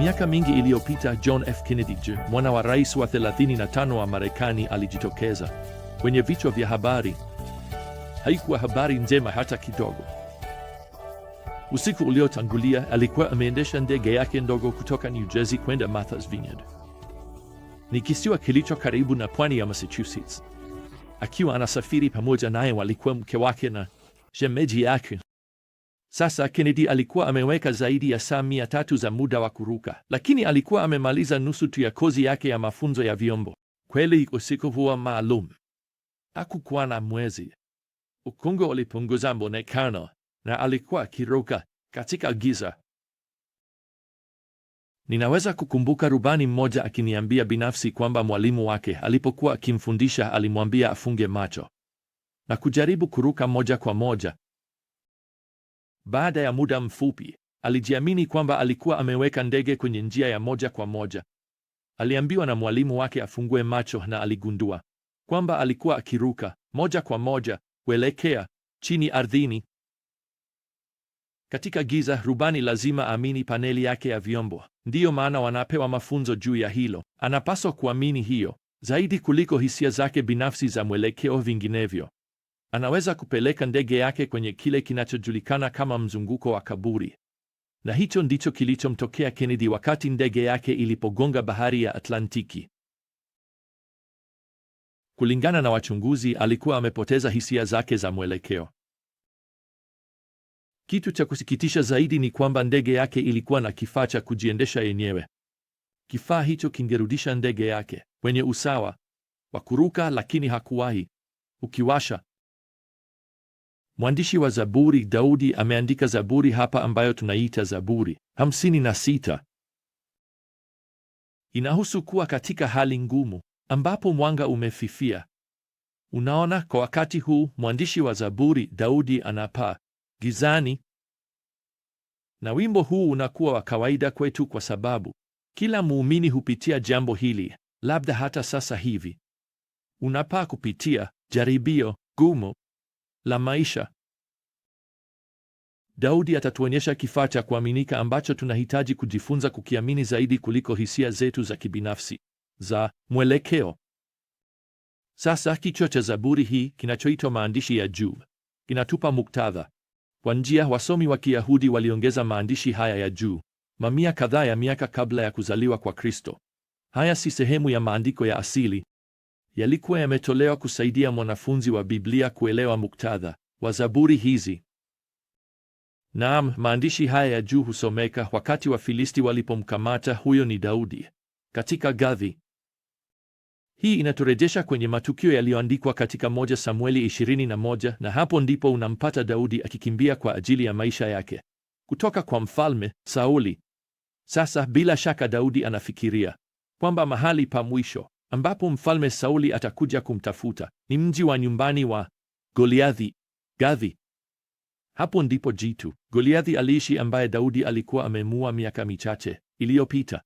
Miaka mingi iliyopita John F. Kennedy Jr., mwana wa rais wa 35 wa Marekani, alijitokeza kwenye vichwa vya habari. Haikuwa habari njema hata kidogo. Usiku uliotangulia alikuwa ameendesha ndege yake ndogo kutoka New Jersey kwenda Martha's Vineyard, ni kisiwa kilicho karibu na pwani ya Massachusetts. Akiwa anasafiri pamoja naye walikuwa mke wake na shemeji yake sasa Kennedy alikuwa ameweka zaidi ya saa mia tatu za muda wa kuruka, lakini alikuwa amemaliza nusu tu ya kozi yake ya mafunzo ya vyombo. Kweli usiku huwa maalum hakukuwa na mwezi, ukungu ulipunguza mwonekano na alikuwa akiruka katika giza. Ninaweza kukumbuka rubani mmoja akiniambia binafsi kwamba mwalimu wake alipokuwa akimfundisha alimwambia afunge macho na kujaribu kuruka moja kwa moja baada ya muda mfupi, alijiamini kwamba alikuwa ameweka ndege kwenye njia ya moja kwa moja. Aliambiwa na mwalimu wake afungue macho, na aligundua kwamba alikuwa akiruka moja kwa moja kuelekea chini ardhini. Katika giza, rubani lazima amini paneli yake ya vyombo. Ndiyo maana wanapewa mafunzo juu ya hilo. Anapaswa kuamini hiyo zaidi kuliko hisia zake binafsi za mwelekeo, vinginevyo anaweza kupeleka ndege yake kwenye kile kinachojulikana kama mzunguko wa kaburi, na hicho ndicho kilichomtokea Kennedy wakati ndege yake ilipogonga bahari ya Atlantiki. Kulingana na wachunguzi, alikuwa amepoteza hisia zake za mwelekeo. Kitu cha kusikitisha zaidi ni kwamba ndege yake ilikuwa na kifaa cha kujiendesha yenyewe. Kifaa hicho kingerudisha ndege yake kwenye usawa wa kuruka, lakini hakuwahi ukiwasha Mwandishi wa Zaburi Daudi ameandika zaburi hapa ambayo tunaita Zaburi hamsini na sita. Inahusu kuwa katika hali ngumu ambapo mwanga umefifia. Unaona, kwa wakati huu mwandishi wa Zaburi Daudi anapaa gizani, na wimbo huu unakuwa wa kawaida kwetu kwa sababu kila muumini hupitia jambo hili, labda hata sasa hivi unapaa kupitia jaribio gumu la maisha. Daudi atatuonyesha kifaa cha kuaminika ambacho tunahitaji kujifunza kukiamini zaidi kuliko hisia zetu za kibinafsi za mwelekeo. Sasa kichwa cha Zaburi hii kinachoitwa maandishi ya juu kinatupa muktadha. Kwa njia, wasomi wa Kiyahudi waliongeza maandishi haya ya juu mamia kadhaa ya miaka kabla ya kuzaliwa kwa Kristo. Haya si sehemu ya maandiko ya asili, yalikuwa yametolewa kusaidia mwanafunzi wa Biblia kuelewa muktadha wa Zaburi hizi. Naam, maandishi haya ya juu husomeka wakati Filisti walipomkamata huyo ni Daudi katika Gathi. Hii inaturejesha kwenye matukio yaliyoandikwa katika moja Samueli 21 na hapo ndipo unampata Daudi akikimbia kwa ajili ya maisha yake kutoka kwa mfalme Sauli. Sasa bila shaka Daudi anafikiria kwamba mahali pa mwisho ambapo mfalme Sauli atakuja kumtafuta ni mji wa nyumbani wa Goliathi, Gathi. Hapo ndipo jitu Goliathi aliishi ambaye Daudi alikuwa amemua miaka michache iliyopita.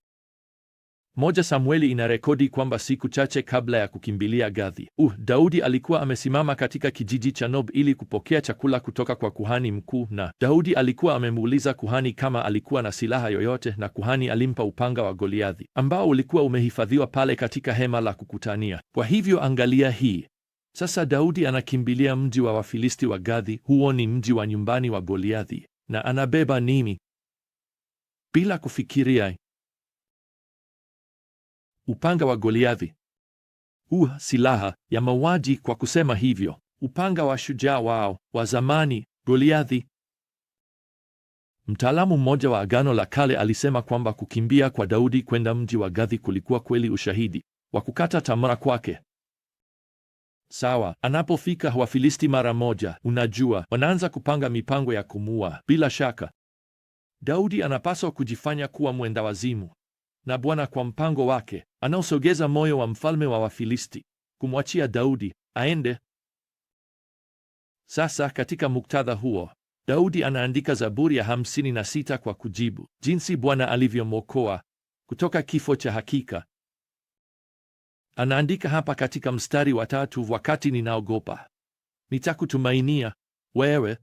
Moja Samueli inarekodi kwamba siku chache kabla ya kukimbilia Gathi, uh, Daudi alikuwa amesimama katika kijiji cha Nob ili kupokea chakula kutoka kwa kuhani mkuu, na Daudi alikuwa amemuuliza kuhani kama alikuwa na silaha yoyote, na kuhani alimpa upanga wa Goliathi ambao ulikuwa umehifadhiwa pale katika hema la kukutania. Kwa hivyo angalia hii sasa Daudi anakimbilia mji wa Wafilisti wa gadhi huo ni mji wa nyumbani wa Goliathi, na anabeba nini? Bila kufikiria, upanga wa Goliathi, uh, silaha ya mauaji, kwa kusema hivyo, upanga wa shujaa wao wa zamani Goliathi. Mtaalamu mmoja wa Agano la Kale alisema kwamba kukimbia kwa Daudi kwenda mji wa Gathi kulikuwa kweli ushahidi wa kukata tamaa kwake Sawa, anapofika Wafilisti mara moja, unajua, wanaanza kupanga mipango ya kumua. Bila shaka, Daudi anapaswa kujifanya kuwa mwenda wazimu, na Bwana kwa mpango wake anaosogeza moyo wa mfalme wa Wafilisti kumwachia Daudi aende. Sasa katika muktadha huo, Daudi anaandika Zaburi ya hamsini na sita kwa kujibu jinsi Bwana alivyomwokoa kutoka kifo cha hakika Anaandika hapa katika mstari wa tatu, wakati ninaogopa nitakutumainia wewe.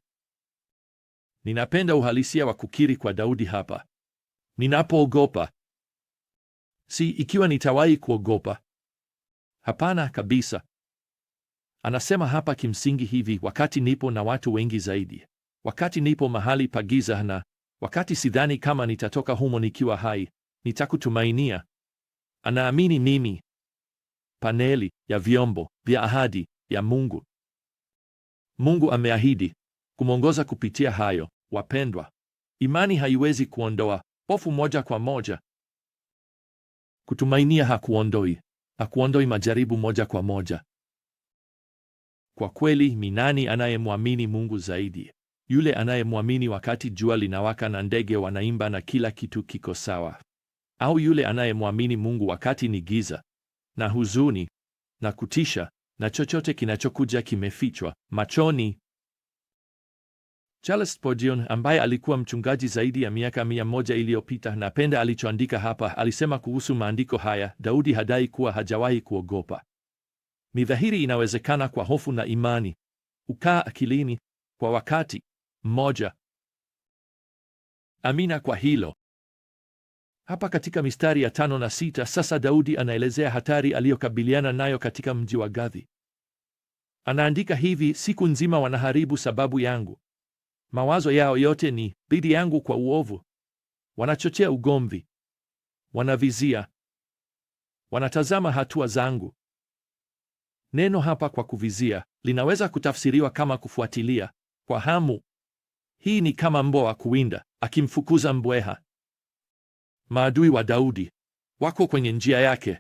Ninapenda uhalisia wa kukiri kwa Daudi hapa, ninapoogopa. Si ikiwa nitawahi kuogopa, hapana kabisa. Anasema hapa kimsingi hivi, wakati nipo na watu wengi zaidi, wakati nipo mahali pa giza, na wakati sidhani kama nitatoka humo nikiwa hai, nitakutumainia. Anaamini mimi paneli ya vyombo vya ahadi ya Mungu. Mungu ameahidi kumwongoza kupitia hayo. Wapendwa, imani haiwezi kuondoa hofu moja kwa moja. Kutumainia hakuondoi hakuondoi majaribu moja kwa moja. Kwa kweli, minani anayemwamini Mungu zaidi? Yule anayemwamini wakati jua linawaka na ndege wanaimba na kila kitu kiko sawa, au yule anayemwamini Mungu wakati ni giza na huzuni na kutisha na chochote kinachokuja kimefichwa machoni. Charles Spurgeon ambaye alikuwa mchungaji zaidi ya miaka mia moja iliyopita, napenda alichoandika hapa. Alisema kuhusu maandiko haya, Daudi hadai kuwa hajawahi kuogopa. Ni dhahiri inawezekana kwa hofu na imani ukaa akilini kwa wakati mmoja. Amina kwa hilo. Hapa katika mistari ya tano na sita sasa Daudi anaelezea hatari aliyokabiliana nayo katika mji wa Gathi. Anaandika hivi, siku nzima wanaharibu sababu yangu, mawazo yao yote ni dhidi yangu kwa uovu, wanachochea ugomvi, wanavizia, wanatazama hatua zangu. Neno hapa kwa kuvizia linaweza kutafsiriwa kama kufuatilia kwa hamu. Hii ni kama mbwa wa kuwinda akimfukuza mbweha. Maadui wa Daudi wako kwenye njia yake,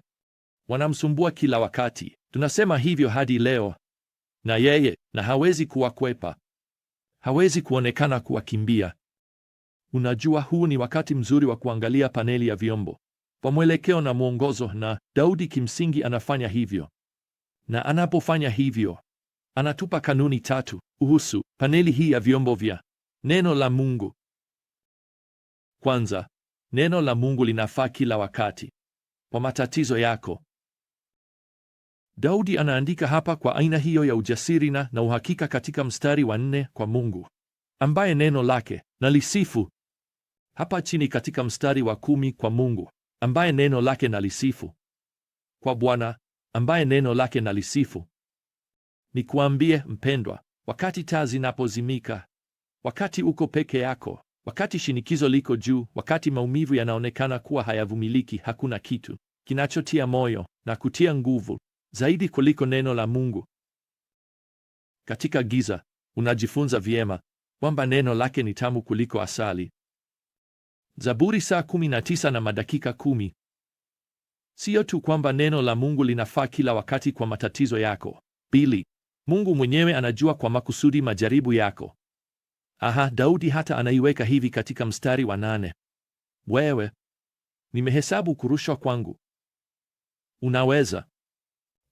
wanamsumbua kila wakati. Tunasema hivyo hadi leo, na yeye na hawezi kuwakwepa, hawezi kuonekana kuwakimbia. Unajua, huu ni wakati mzuri wa kuangalia paneli ya vyombo kwa mwelekeo na mwongozo, na Daudi kimsingi anafanya hivyo, na anapofanya hivyo anatupa kanuni tatu kuhusu paneli hii ya vyombo vya neno la Mungu. Kwanza, Neno la Mungu linafaa kila wakati kwa matatizo yako. Daudi anaandika hapa kwa aina hiyo ya ujasiri na na uhakika katika mstari wa nne kwa Mungu ambaye neno lake nalisifu. Hapa chini katika mstari wa kumi kwa Mungu ambaye neno lake nalisifu. Kwa Bwana ambaye neno lake nalisifu. Nikuambie mpendwa, wakati taa zinapozimika, wakati uko peke yako, Wakati shinikizo liko juu, wakati maumivu yanaonekana kuwa hayavumiliki, hakuna kitu kinachotia moyo na kutia nguvu zaidi kuliko neno la Mungu. Katika giza unajifunza vyema kwamba neno lake ni tamu kuliko asali. Zaburi saa kumi na madakika kumi. Siyo tu kwamba neno la Mungu linafaa kila wakati kwa matatizo yako, bili Mungu mwenyewe anajua kwa makusudi majaribu yako. Aha, Daudi hata anaiweka hivi katika mstari wa nane: wewe nimehesabu kurushwa kwangu. Unaweza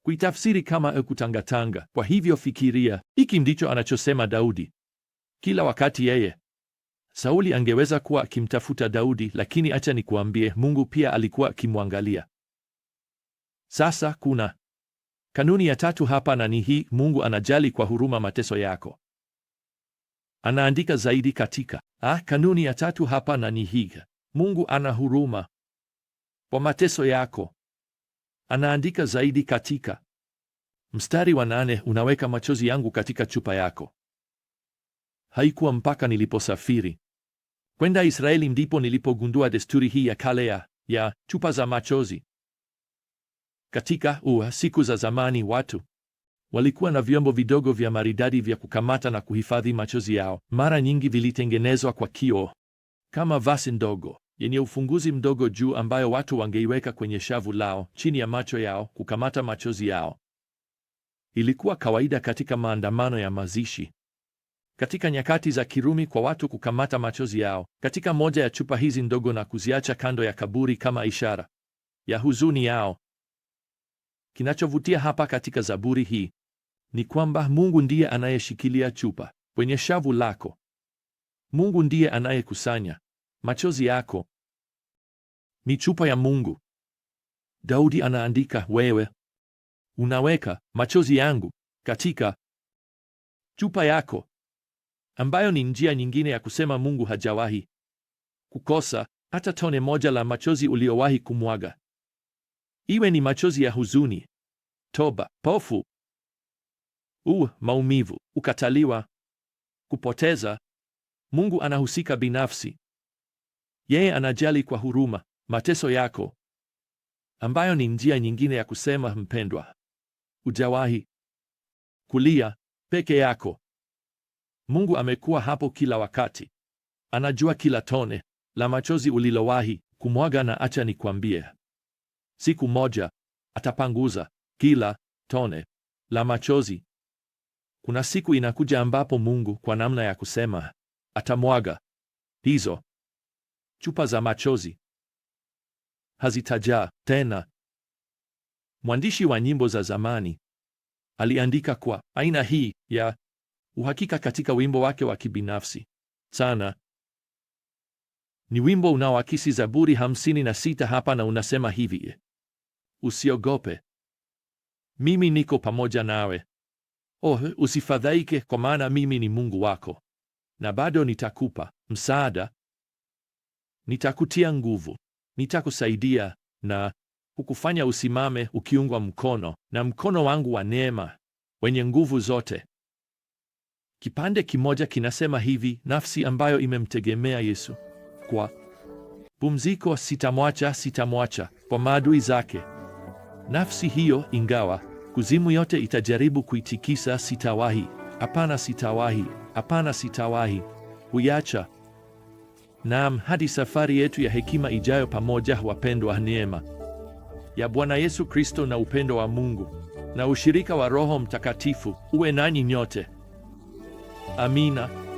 kuitafsiri kama kutangatanga. Kwa hivyo fikiria, hiki ndicho anachosema Daudi kila wakati yeye. Sauli angeweza kuwa akimtafuta Daudi, lakini acha nikuambie, Mungu pia alikuwa akimwangalia. Sasa kuna kanuni ya tatu hapa, na ni hii: Mungu anajali kwa huruma mateso yako. Anaandika zaidi katika ah, kanuni ya tatu hapa na ni hii: Mungu ana huruma kwa mateso yako. Anaandika zaidi katika mstari wa nane, unaweka machozi yangu katika chupa yako. Haikuwa mpaka niliposafiri kwenda Israeli ndipo nilipogundua desturi hii ya kale ya ya chupa za machozi. Katika ua siku za zamani, watu Walikuwa na vyombo vidogo vya maridadi vya kukamata na kuhifadhi machozi yao, mara nyingi vilitengenezwa kwa kioo kama vasi ndogo yenye ufunguzi mdogo juu, ambayo watu wangeiweka kwenye shavu lao chini ya macho yao kukamata machozi yao. Ilikuwa kawaida katika maandamano ya mazishi katika nyakati za Kirumi kwa watu kukamata machozi yao katika moja ya chupa hizi ndogo na kuziacha kando ya kaburi kama ishara ya huzuni yao. Kinachovutia hapa katika zaburi hii ni kwamba Mungu ndiye anayeshikilia chupa kwenye shavu lako. Mungu ndiye anayekusanya machozi yako, ni chupa ya Mungu. Daudi anaandika, wewe unaweka machozi yangu katika chupa yako, ambayo ni njia nyingine ya kusema Mungu hajawahi kukosa hata tone moja la machozi uliowahi kumwaga, iwe ni machozi ya huzuni, toba, pofu u maumivu, ukataliwa, kupoteza. Mungu anahusika binafsi. Yeye anajali kwa huruma mateso yako, ambayo ni njia nyingine ya kusema mpendwa, ujawahi kulia peke yako. Mungu amekuwa hapo kila wakati, anajua kila tone la machozi ulilowahi kumwaga, na acha nikwambie, siku moja atapanguza kila tone la machozi kuna siku inakuja ambapo Mungu kwa namna ya kusema atamwaga hizo chupa za machozi, hazitajaa tena. Mwandishi wa nyimbo za zamani aliandika kwa aina hii ya uhakika katika wimbo wake wa kibinafsi sana. Ni wimbo unaoakisi Zaburi hamsini na sita hapa, na unasema hivi: usiogope, mimi niko pamoja nawe Oh, usifadhaike kwa maana mimi ni Mungu wako, na bado nitakupa msaada, nitakutia nguvu, nitakusaidia na kukufanya usimame ukiungwa mkono na mkono wangu wa neema wenye nguvu zote. Kipande kimoja kinasema hivi, nafsi ambayo imemtegemea Yesu kwa pumziko, sitamwacha, sitamwacha kwa maadui zake. Nafsi hiyo ingawa Kuzimu yote itajaribu kuitikisa, sitawahi, hapana, sitawahi, hapana, sitawahi huiacha. Naam, hadi safari yetu ya hekima ijayo pamoja, wapendwa, neema ya Bwana Yesu Kristo na upendo wa Mungu na ushirika wa Roho Mtakatifu uwe nanyi nyote. Amina.